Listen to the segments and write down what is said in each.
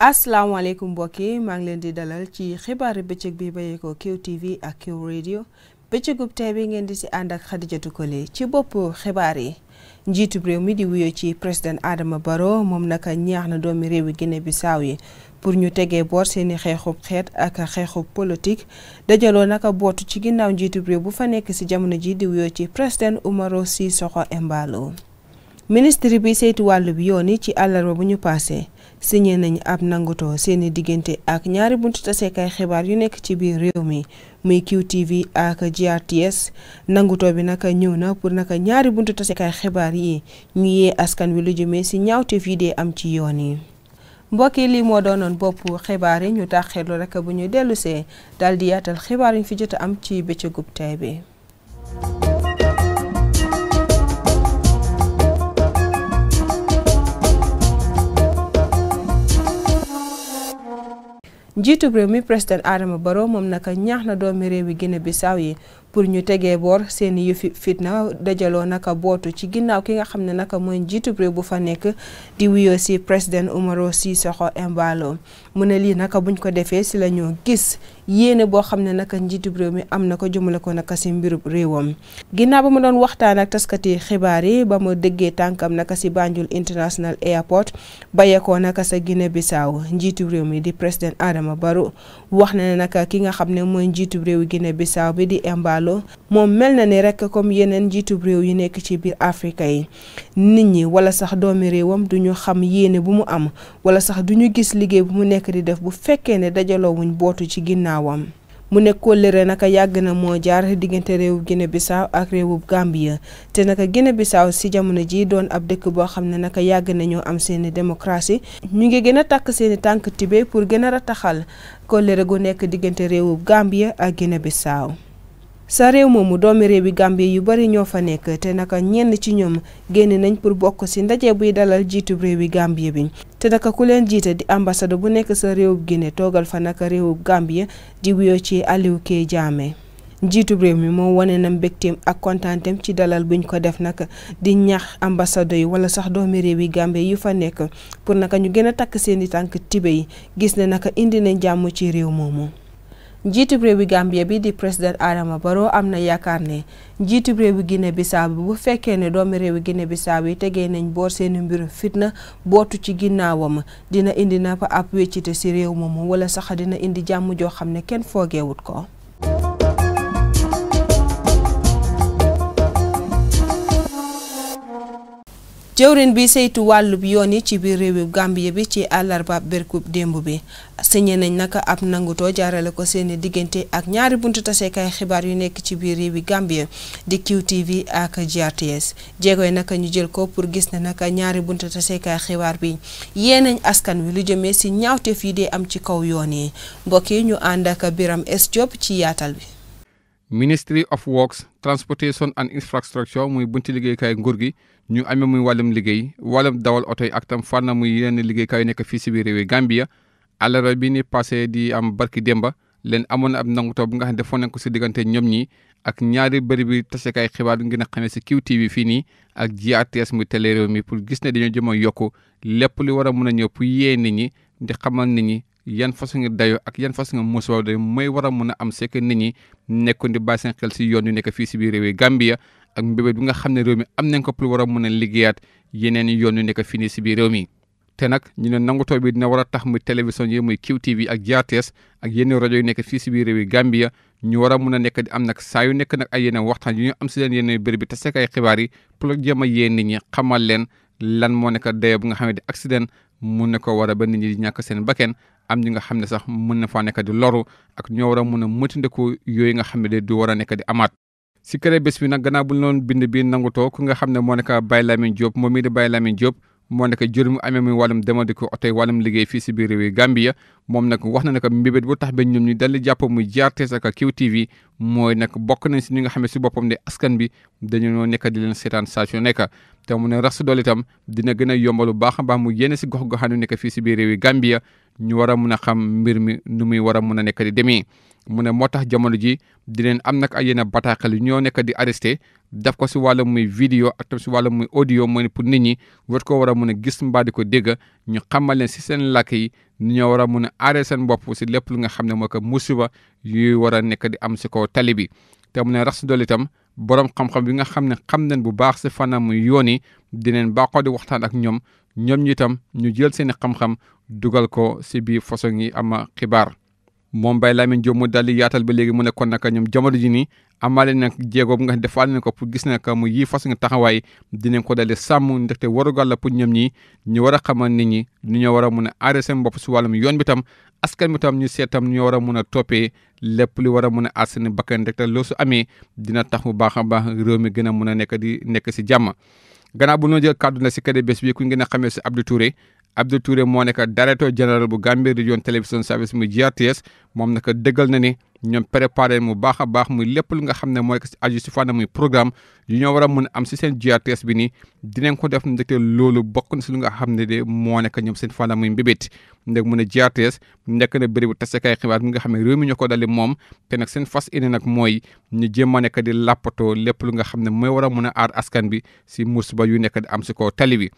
asalaamaaleykum mbokk yi maa ngi leen di dalal ci xibaaru bëccëg bi bayeekoo QTV ak Q ak bëccëgub tey bi ngeen di si ànd ak ko Kole ci bopp xibaar yi njiitub réew mi di wuyoo ci président aadama Barrow moom naka ñaax na doomi réew réewi bi Bissau yi pour ñu tegee boor seeni xeexub xeet ak xeexub politique dajaloo naka bootu ci ginnaaw njiitub réew bu fa nekk si jamono ji di wuyoo ci président Umaro Sissoco Embalo ministre bi saytu wàllu bi yoon yi ci àllarba bu ñu paase signé nañ ab nanguto seeni diggante ak ñaari buntu taseekaay xibaar yu nekk ci biir réew mi muy QTV ak GRTS nangutoo bi naka ñëw na pour naka ñaari buntu taseekaay xibaar yi ñu askan wi lu jëmee si ñaawteef yi dee am ci yoon yi. mbokk lii moo doonoon bopp xibaar yi ñu taxirlu rek bu ñu dellusee daal di yaatal xibaar yi fi jot am ci bëccëgub tey bi. njiitub réew mi président Adama Barrow moom naka ñaax na doomi réew yi Guinée Bissau yi pour ñu tegee boor seen yëfi fitna dajaloo naka bootu ci ginnaaw ki nga xam ne naka mooy njiitub réew bu fa nekk di wuyoo si président Umaro Sissoco Embalo mu ne lii naka buñ ko defee si la gis yéene boo xam ne naka njiitub réew mi am na ko jëmale ko naka si mbirub réewam ginnaaw ba ma doon waxtaan ak taskati xibaar yi ba ma dëggee tànkam naka si Banjul International Airport bayeekoo naka sa Guinée Bissau njiitub réew mi di président Adama Barrow wax na ne naka ki nga xam ne mooy njiitub réew Guinée Bissau bi di Embalo moom mel na ni rek comme yeneen njiitub réew yi nekk ci biir Afrique yi nit ñi wala sax doomi réewam duñu xam yéene bu mu am wala sax duñu gis liggéey bu mu nekk di def bu fekkee ne dajaloo wuñ bootu ci ginnaaw ginnaawam mu nekk kóllëre naka yàgg na moo jaar diggante réewub Guinée Bissau ak réewub Gambia te naka Guinée Bissau si jamono ji doon ab dëkk boo xam ne naka yàgg nañoo am seeni démocratie ñu ngi gën a takk seeni tànk tibe pour gën a rataxal kóllëre gu nekk diggante réewub Gambia ak Guinée Bissau sa réew moomu doomi réew yi Gambie yu bari ñoo fa nekk te naka ñenn ci ñoom génn nañ pour bokk ci ndaje buy dalal jiitub réew yi Gambie bi te naka ku leen jiite di ambassade bu nekk sa réewub Guinée toogal fa naka réewub Gambie di wuyoo ci Alieu K Jammeh njiitub réew mi moo wane na mbégteem ak kontaanteem ci dalal buñ ko def nag di ñax ambassade yi wala sax doomi réew yi Gambie yu fa nekk pour naka ñu gën a takk seeni tànk tibe yi gis ne naka indi nañ jàmm ci réew moomu njiitub réewi Gambia bi di président Adama Barrow am na yaakaar ne njiitub réewi Guinée Bissau bi bu fekkee ne doomi réewi Guinée Bissau yi tegee nañ boor seeni mbirum fitna bootu ci ginnaawam dina indi na ab wéccite si réew moomu wala sax dina indi jàmm joo xam ne kenn foogeewut ko jëwrin bi seytu wàllu yoon yi ci biir réewu Gambie bi ci àllarba berkub démb bi sëñee nañ naka ab nangutoo jaarale ko seeni diggante ak ñaari buntu taseekaay xibaar yu nekk ci biir réewi Gambie di QTV ak GRTS jéegoy naka ñu jël ko pour gis ne naka ñaari buntu taseekaay xibaar bi yee nañ askan wi lu jëmee si ñaawteef yi dee am ci kaw yoon yi mbokk yi ñu ànd ak Biram S Diop ci yaatal bi. ministry of works transportation and infrastructure muy bunti liggéeykaay nguur gi ñu amee muy wàllum liggéey wàllum dawal oto yi ak tam na muy yenn liggéeykaay yu nekk fii si biir réewi Gambia àllarba bi ni passé di am barki demba leen amoon na ab nangu taw nga xam ne defoon ko si diggante ñoom ñi ak ñaari bëri bi tasekaay xibaar ngeen a xamee si QTV fii nii ak GRTS muy télé réew mi pour gis ne dañoo jëm yokk lépp li war a mun a ñëw pour yee nit ñi di xamal nit ñi yan façon nga dayoo ak yan façon nga mosuwaay mooy war a mun a am c'est que nit ñi nekkoon di bàyyi xel si yoon yu nekk fii si biir réew yi Gambia ak mbébét bi nga xam ne réew mi am nañ ko pour war a mun a liggéeyaat yeneen yoon yu nekk fii nii si biir réew mi. te nag ñu ne nangutoo bi dina war a tax muy télévision yi muy QTV ak GRTS ak yeneen rajo yu nekk fii si biir réew yi Gambia ñu war a mun a nekk am nag saa yu nekk nag ay yeneen waxtaan yu ñu am si leen yeneen bëri bi te sekk ay xibaar yi pour jéem a yee nit ñi xamal leen lan moo nekk dayo bu nga xam ne di accident mun na ko war ba nit ñi ñàkk seen bakken am ñi nga xam ne sax mën na faa nekk di loru ak ñoo war a mën a mëtandiku yooyu nga xam ne de du war a nekk di amaat si kere bés bi nag gannaaw bu ñu doon bind bii nangutoo ku nga xam ne moo nekk Baye Lamine Diop moom mii di Baye Lamine Diop moo nekk jur mu amee muy wàllum demandiku oto yi wàllum liggéey fii si biir réew yi Gambia moom nag wax na ne que mbébét bu tax ba ñoom ñu dal di jàpp muy jaartees ak QTV mooy nag bokk nañ si ñi nga xam ne si boppam de askan bi dañoo nekk di leen seetaan saa su nekk te mu ne rax dool itam dina gën a yombalu baax a baax mu yéene si gox goxaan yu nekk fii si biir réew yi Gambia ñu war a mun a xam mbir mi nu muy war a mun a nekk di demee mu ne moo tax jamono ji di leen am nag ay yenn bataaxal yu ñoo nekk di arrêté daf ko si wàllum muy vidéo ak tam si wàllum muy audio mu ne pour nit ñi war ko war a mun a gis mbaa di ko dégg ñu xamal leen si seen làkk yi ni ñoo war a mun a aaree seen bopp si lépp lu nga xam ne moo ko musiba yuy war a nekk di am si ko tali bi te mu ne rax si dolli itam borom xam-xam bi nga xam ne xam nañ bu baax si fànn muy yoon yi dinañ baaxoo di waxtaan ak ñoom ñoom ñi itam ñu jël seen i xam dugal ko si biir façon yi ama xibaar. moom Baye Lamine Diop mu daal di yaatal ba léegi mu ne kon naka ñoom jamono ji ni amaale nag jéego bu nga xam defaale ko pour gis naka mu yii fas nga taxawaay dinañ ko daal di sàmm ndaxte warugal la pour ñoom ñi ñu war a xamal nit ñi ñu ñoo war a mun a aaree seen bopp si wàllum yoon bi tam askan bi tam ñu seetam ñu war a mun a toppee lépp lu war a mun a aar seen bakkan ndaxte loo su amee dina tax bu baax a baax réew mi gën a mun a nekk di nekk si jàmm. gannaaw bu ñu jël kàddu si kër bés bi ku ngeen a xamee si Abdou Abdou Touré moo nekk directeur général bu Gambia Region Television Service muy GRTS moom nag dëggal na ni ñoom préparé mu baax a baax muy lépp lu nga xam ne mooy aju si fànn muy programme yu ñoo war a mun a am si seen GRTS bi nii dinañ ko def ndekte loolu bokk si lu nga xam ne de moo nekk ñoom seen fànn muy mbébét ndeg mu ne GRTS nekk na bérébu tasekaay xibaar mi nga xam ne réew ko dali moom te nag seen fas yéene nag mooy ñu jéem a nekk di làppatoo lépp lu nga xam ne mooy war a mun a aar askan bi si musiba yu nekk di am si ko tali bi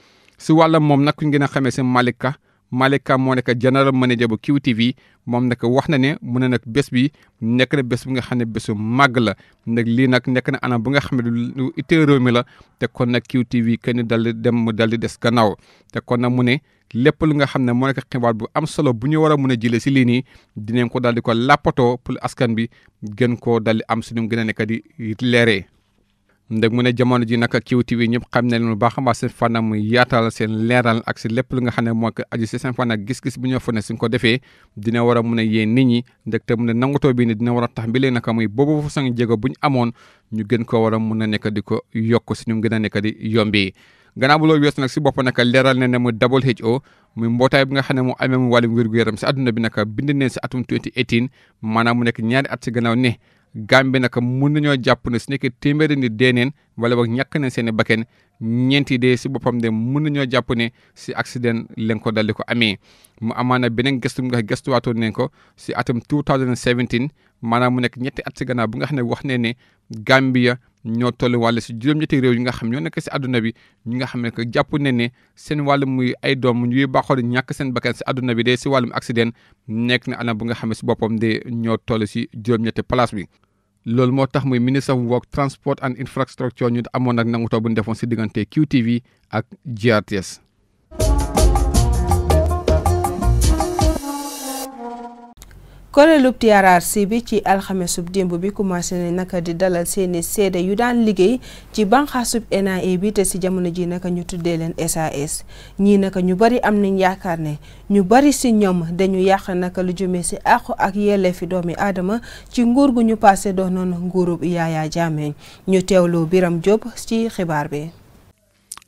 si wàllam moom nag ku ngeen a xamee si Malika Malika moo nekk general manager bu QTV moom nag wax na ne mu ne nag bés bi nekk na bés bi nga xam ne bésu màgg la nag lii nag nekk na anam bu nga xam ne lu ittee mi la te kon nag QTV kenn dal dem mu dal di des gannaaw te kon nag mu ne lépp lu nga xam ne moo nekk xibaar bu am solo bu ñu war a mun a jëlee si lii nii dinañ ko daal di ko lappatoo pour askan bi gën koo daldi di am suñu gën a nekk di leeree. ndeg mu ne jamono ji nag QTV ñëpp xam ne leen bu baax a baax seen fanam yaatal seen leeral ak si lépp lu nga xam ne moo ko aju si seen fan ak gis-gis bu ñoo ne suñ ko defee dina war a mun nit ñi ndeg te mu ne nangatoo bi ne dina war a tax bi leen naka muy boobu façon jéego bu ñu amoon ñu gën ko war a mun a nekk di ko yokk si ñu gën a nekk di yombi gannaaw bu loolu weesu nag si bopp nag leeral ne ne mu WHO muy mbootaay bi nga xam ne mu amee mu wàllum wér-gu-yaram si adduna bi nag bind neen si atum 2018 maanaam mu nekk ñaari at si gannaaw ne Gambie naka mun nañoo jàpp ne su nekkee téeméeri nit dee neen wala boog ñàkk nañ seen i ñeenti dee si boppam de mun nañoo jàpp ne si accident lenko ko daldi ko amee. mu amaana beneen gëstu nga gëstuwaatoon nañ ko si atum 2017 maanaam mu nekk ñetti at si gannaaw bu nga xam ne wax ne ne Gambia. ñoo toll wàll si juróom-ñetti réew yi nga xam ñoo nekk si àdduna bi ñi nga xam ne que jàpp ne ne seen wàllu muy ay doom ñuy xool ñàkk seen bakkan si àdduna bi de si wàllum accident nekk na anam bu nga xam si boppam de ñoo toll si juróom-ñetti place bi. loolu moo tax muy ministre of work transport ñu amoon ak nangutoo bu ñu defoon si diggante QTV ak GRTS. kuréelub TRRC bi ci alxamesub démb bi commencé na naka di dalal seeni seede yu daan liggéey ci banqaasub NIA bi te si jamono ji naka ñu tuddee leen SAS ñii naka ñu bari am nañ yaakaar ne ñu bari si ñoom dañu yàq naka lu jëmee si àqu ak yelleefi doomi aadama ci nguur gu ñu passé doonoon nguurub Yaya Jammeh ñu teewloo Biram Diop ci xibaar bi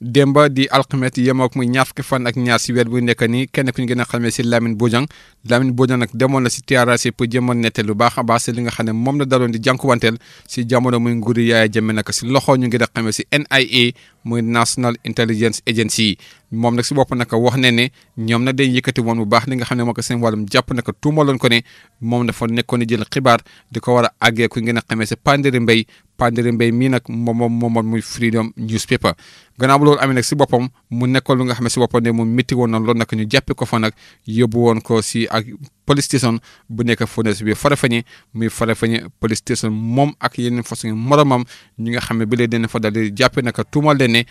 Demba di alxames yem ak muy ñaar fukki fan ak ñaar si weer bu nekk nii kenn ku ñu gën a xamee si Lamine Bojang Lamine Bojang nag demoon na si TRAC pour jéemoon nette lu baax a se li nga xam ne moom la daloon di jànkuwanteel si jamono muy nguuri Yaya Jammeh nag si loxo ñu gën a xamee si NIA muy National Intelligence Agency moom nag si bopp nag wax ne ne ñoom nag dañ yëkkati woon bu baax li nga xam ne moo ko seen wàllum jàpp nag tuumaloon ko ne moom dafa nekkoon jël xibaar di ko war a àggee ku ngeen a xame si Pandéri Mbaye Pandéri Mbaye mii nag moom moomoon muy Freedom Newspaper gannaaw bu loolu amee nag si boppam mu nekkoon lu nga xam ne si boppa ne mu métti woon na loolu nag ñu jàppee ko fa nag yóbbu woon ko si ak. police station bu nekk Fournes bi Farafeñe muy Farafeñe police station moom ak yenn façon moromam ñi nga xam ne bi lee den fa dal di jàppe naka tuumal leen ne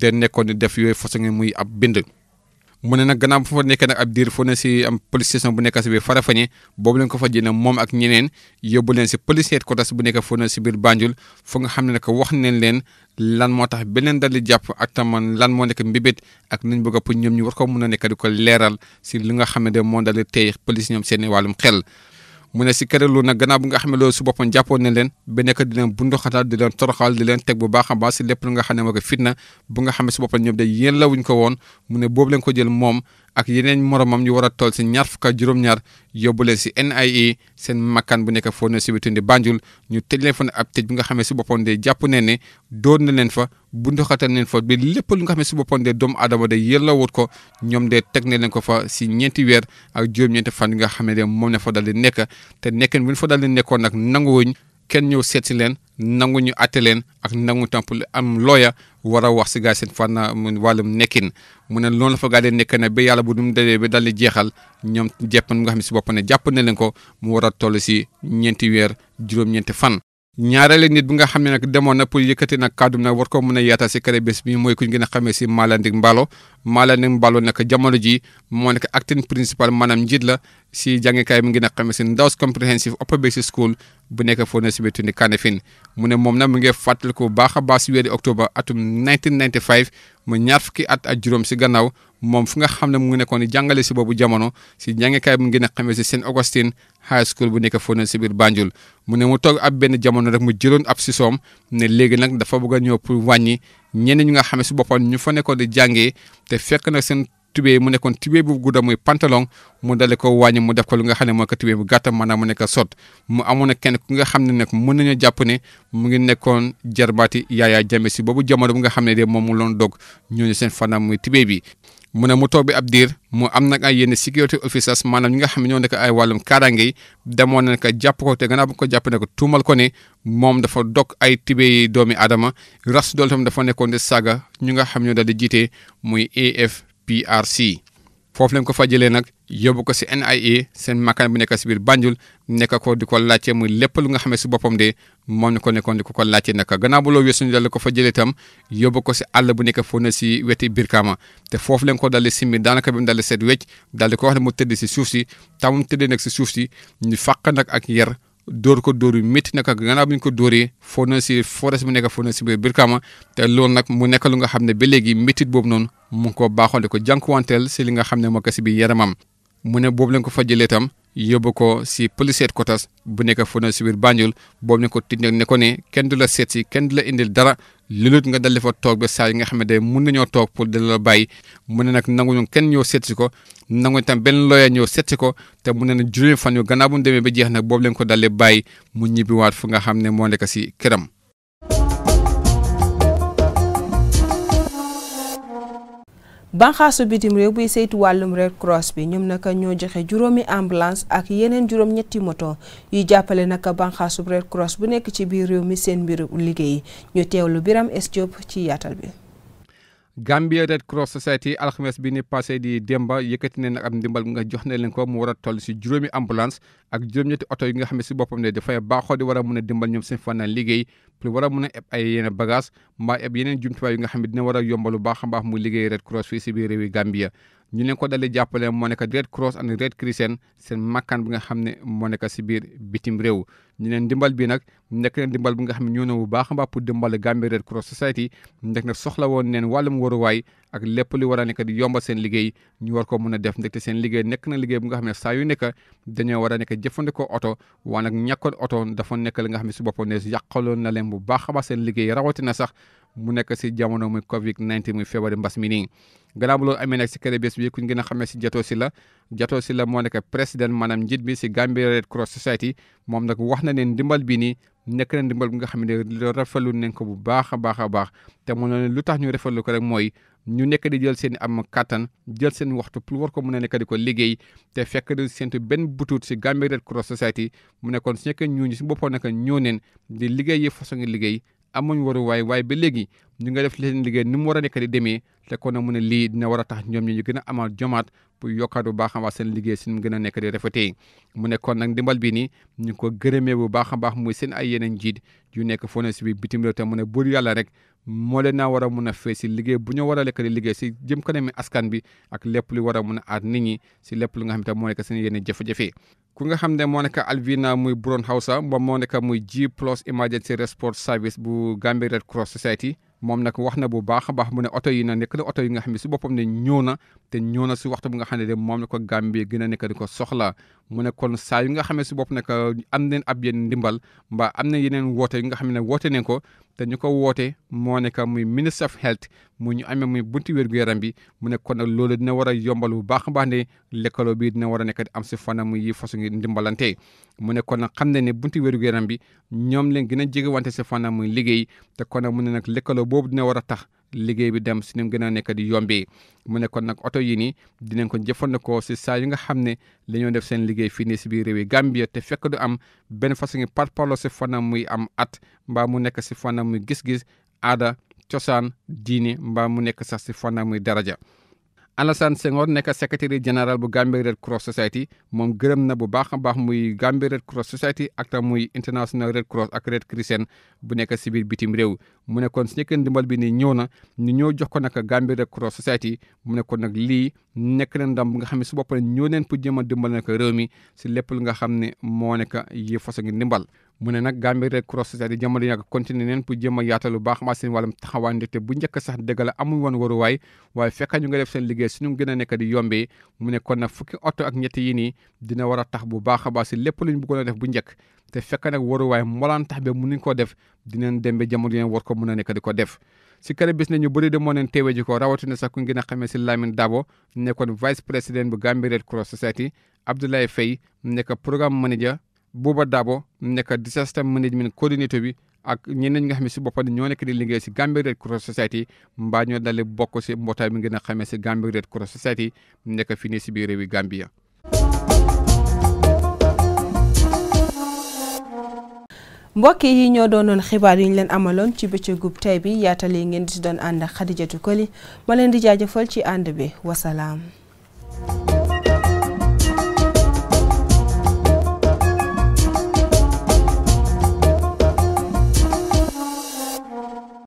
de nekkoon def yooyu façon muy ab bind mu ne nag gannaaw bu fa nekkee nag ab diir foo ne si am police station bu nekk si biir Farafeñe boobu lañ ko fa jëlee moom ak ñeneen yóbbu leen si police Kodas bu nekk foo ne si biir Banjul fu nga xam ne nag wax nañ leen lan moo tax beneen dal di jàpp ak tam lan moo nekk mbibét ak nañ bëgg pour ñoom ñu war ko mun a nekk di ko leeral si li nga xam ne de moo dal di tey police ñoom seen wàllum xel. mu ne si kere lu nag gannaaw bi nga xam ne loolu si boppam jàppoon ne leen ba nekk di leen bunduxatal di leen toroxal di teg bu baax a baax nga xam ne moo fitna bu nga xam ne si boppam ñoom day yéen lawuñ ko woon mu ne boobu leen ko jël moom ak yeneen moromam ñu war a toll si ñaar fukk ak juróom-ñaar yóbbu leen si NIA e seen makkaan bu nekk foofu ne si wetu Banjul ñu tëj leen fa ab tëj nga xam ne si boppam de jàpp ne ne doon na leen fa bunduxatal leen fa ba lépp lu nga xam ne si boppam de doomu aadama de yellawut ko ñoom de teg ne leen ko fa si ñeenti weer ak juróom-ñeenti fan yi nga xam ne de moom ne fo dal di nekk te nekkin bu ñu fa dal nekkoon nag nanguwuñ kenn ñëw seet si leen nangu ñu atte leen ak nangu tamp am looya war a wax si gaa seen fànn wàllum nekkin mun ne lool la fa gaa dee nekk na ba yàlla bu dum dalee ba dal di jeexal ñoom jàpp nga xam ne si bopp ne jàpp na leen ko mu war a toll si ñeenti weer juróom-ñeenti fan. ñaareelu nit bu nga xam ne nag demoon na pour yëkkati nag kàddu nag war ko mën a yaatal si kër bés bi mooy ku ñu gën a xamee si Malandik Mballo maa Malem Mballo nag jamono ji moo nekk acting principal maanaam njiit la si jàngekaay mi ngi nag xamee si Ndaws Comprehensive Upper Basic School bu nekk foo na si wetu ni Kanifing mu ne moom nag mu ngi fàttali ko baax a baax si weeri octobre atum 1995 mu ñaar fukki at ak juróom si gannaaw moom fu nga xam ne mu ngi nekkoon jàngale si boobu jamono si jàngekaay mi ngi nag xamee si Saint Augustine High School bu nekk foo na si biir Banjul mu ne mu toog ab benn jamono rek mu jëloon ab si soom ne léegi nag dafa bëgg a ñëw pour wàññi ñeneen ñi nga xam si boppam ñu fa nekkoon di jàngee te fekk na seen tubéy mu nekkoon tubéy bu gudda muy pantalon mu dale ko wàññi mu def ko lu nga xam ne mooy ko tubéy bu gàttam maanaam mu nekk sot mu amoon kenn ku nga xam ne nag mën nañu jàpp ne mu ngi nekkoon jarbaati Yaya Jammeh si boobu jamono bu nga xam ne de moom mu loon dog ñooñu seen fanam muy tubéy bi mu ne mu toog bi ab diir mu am nag ay yenn security officers maanaam ñi nga xam ne ñoo nekk ay wàllum kaaraange yi demoon na ka ko te gannaaw bu ko jàpp ne ko tuumal ko ne moom dafa dog ay tibéy doomi aadama ras dool tam dafa nekkoon di saaga ñu nga xam ñoo daal di jiite muy AFPRC foofu lañ ko fa jëlee nag yobbu ko si NIA e, seen makkaan bu nekk si biir Banjul nekk ko di ko laajte mu lépp lu nga xam si boppam de moom ni ko nekkoon di ko ko laajte nag gannaaw bu loo weesu ko fa jëlee itam yóbbu ko si àll bu nekk foofu na si weti Brikama te foofu leen ko dal di simmi daanaka bi mu dal di dal ko wax ne mu si suuf si tam mu tëddee nag si suuf si ñu nag ak yar dóor ko dóor yu métti nag gannaaw bi ñu ko dóoree foo na si forest bu nekk foo na si biir Brikama te loolu nag mu nekk lu nga xam ne ba léegi métit boobu noonu mu ngi ko baaxoon di ko jànkuwanteel si li nga xam ne moo ko si biir yaramam mu ne boobu lañ ko fa jëlee tam yóbbu ko si policier kotas bu nekk fu ne si biir Banjul boobu ne ko tij ne ko ne kenn du la seet si kenn du la indil dara lilut nga dal fa toog ba saa yi nga xam ne day mun nañoo toog pour dal la bàyyi mu ne nag nanguñu kenn ñëw seet si ko nanguñu tam benn lawyer ñëw seet si ko te mu ne nag juróomi fan yu gannaaw bu mu demee ba jeex nag boobu lañ ko dalee bàyyi mu ñibbiwaat fu nga xam ne moo nekk si këram. banxaasu bitim réew buy saytu wàllum Red Cross bi ñoom naka ñoo joxe juróomi ambulance ak yeneen juróom ñetti moto yuy jàppale naka banxaasu Red Cross bu nekk ci biir réew mi seen mbiru liggéey ñu teewlu Biram Estiop ci yaatal bi Gambia Red Cross Society alxames bi ni passé di Demba yëkkati ne nag dimbal ndimbal nga jox ne leen ko mu war a toll si juróomi ambulance ak juróom-ñetti oto yi nga xam ne si boppam ne dafay baaxoo di war a mun a dimbal ñoom seen fànnaan liggéey pour war a mun a eb ay yeneen bagage mbaa eb yeneen jumtuwaay yi nga xam ne dina war a yombal lu baax mu liggéey Red Cross fii si biir réewi Gambia ñu leen ko dal di jàppale moo nekk Red Cross and Red Crescent seen makkaan bi nga xam ne moo nekk si biir bitim réew ñu leen dimbal bi nag nekk leen dimbal bu nga xam ne ñoo baax a pour dimbale Gambia Red Cross Society ndek soxla woon neen wàllum waruwaay ak lépp li war a nekk di yombal seen liggéey ñu war ko mën a def ndekte seen liggéey nekk na liggéey bu nga xam ne saa yu nekk dañoo war a nekk jëfandikoo oto waaye nag ñàkkoon oto dafa nekk li nga xam ne si boppam ne yàqaloon na leen bu baax a baax seen liggéey rawatina sax mu nekk si jamono muy Covid 19 muy feebaru mbas mi nii gannaaw bu loolu amee nag si kër bés bi kuñ gën a xamee si Jato Sylla Jato la moo nekk président maanaam njiit bi si Gambia Red Cross Society wax na ne ndimbal bi nii nekk na ndimbal bi nga xam ne rafetlu nañ ko bu baax baax a baax te mu ne lu tax ñu rafetlu ko rek mooy ñu nekk di jël seen am kattan jël seen waxtu pour war ko mën a nekk di ko liggéey te fekk di séntu benn butuut si Gambia Red Cross mu nekkoon su nekkee ñooñu si boppam nag ñoo neen di liggéey yi façon liggéey amuñ waruwaay waaye ba léegi ñu nga def leen liggéey ni mu war a nekk di demee te kon nag mu ne lii dina war a tax ñoom ñu gën a amal jomaat pour yokkaat bu baax a baax seen liggéey suñu gën a nekk di rafetee mu ne kon nag ndimbal bi nii ñu ko gërëmee bu baax a baax muy seen ay yeneen njiit yu nekk foo ne si bitim réew te mu ne bur yàlla rek moo leen naa war a mun a fee si liggéey bu ñu war a liggéey si jëm kanami askan bi ak lépp lu war a mun a aar nit ñi si lépp lu nga xam ne moo nekk seen yenn jafe-jafe ku nga xam ne moo nekk Alvina muy Buron Hausa moom moo nekk muy G plus emergency response service bu Gambia Red Cross Society moom nag wax na bu baax a baax mu ne oto yi na nekk na oto yi nga xam ne si boppam ne ñëw na te ñëw na si waxtu bu nga xam ne de moom la ko Gambie gën a nekk di ko soxla mu ne kon saa yu nga xam ne si bopp nag am neen ab yenn ndimbal mbaa am na yeneen woote yi nga xam ne woote nañ ko te ñu ko woote moo nekk muy ministre of health mu ñu amee muy bunti wér gu yaram bi mu ne kon nag loolu dina war a yombal bu baax a baax ne lëkkaloo dina war a nekk am si fanam yi façon ngi ndimbalante mu ne kon nag xam ne ne bunti wér gu yaram bi ñoom leen gën a jege wante si fanam muy liggéey te kon nag mu ne nag lëkkaloo boobu dina war a tax liggéey bi dem si ni mu gën a nekk di yombee mu nekkoon nag oto yi nii dinañ ko jëfandikoo si saa yi nga xam ne la ñoo seen liggéey fii nii si biir réewi Gambia te fekk du am benn façon parparloo si fanam muy am at mbaa mu nekk si fanam muy gis-gis aada cosaan diini mbaa mu nekk sax si fanam muy daraja. Alassane Senghor nekk secrétaire général bu Gambia Red Cross Society moom gërëm na bu baax a baax muy Gambia Red Cross Society ak tam muy International Red Cross ak Red Crescent bu nekk si biir bitim réew mu ne si su ndimbal bi nii ñëw na ñu ñëw jox ko nag Gambia Red Cross Society mu ne kon nag lii nekk na ndam bu nga xam ne su boppam ñoo leen pour jéem a dimbal nag réew mi si lépp lu nga xam ne moo yii yi façon ndimbal. mu ne nag Gambie Red Cross society jamono yi nag continué neen pour jéem a yaatal bu baax maa seen wàllum taxawaay ndekte bu njëkk sax dëgg la amuñ woon waruwaay waaye fekk ñu nga def seen liggéey suñu gën a nekk di yombee mu ne kon nag fukki oto ak ñetti yi nii dina war a tax bu baax a baax si lépp a def bu njëkk te fekk nag waruwaay molaan tax ba mënuñ koo def dinañ dem ba jamono yi war ko mën a nekka di ko def si kër bis ne ñu bëri de moo neen teewee ji ko rawatina sax ku ngeen a xamee si Lamine Dabo nekkoon vice président bu Gambie Red Cross Society Abdoulaye Faye nekk programme manager Bouba Dabo nekk di system management coordinator bi ak ñeneen ñi nga xam ne si boppam ñoo nekk di liggéey si Gambia Red Cross Society mbaa ñoo dalee bokk si mbootaay mi ngeena a xamee si Gambia Red Cross Society nekk fii nii si biir réewi Gambia. mbokk yi ñoo doon doonoon xibaar yi leen amaloon ci bëccëgub tey bi yaatal ngeen di si doon ànd ak Xadijatu Koli ma leen di jaajëfal ci ànd bi wasalaam.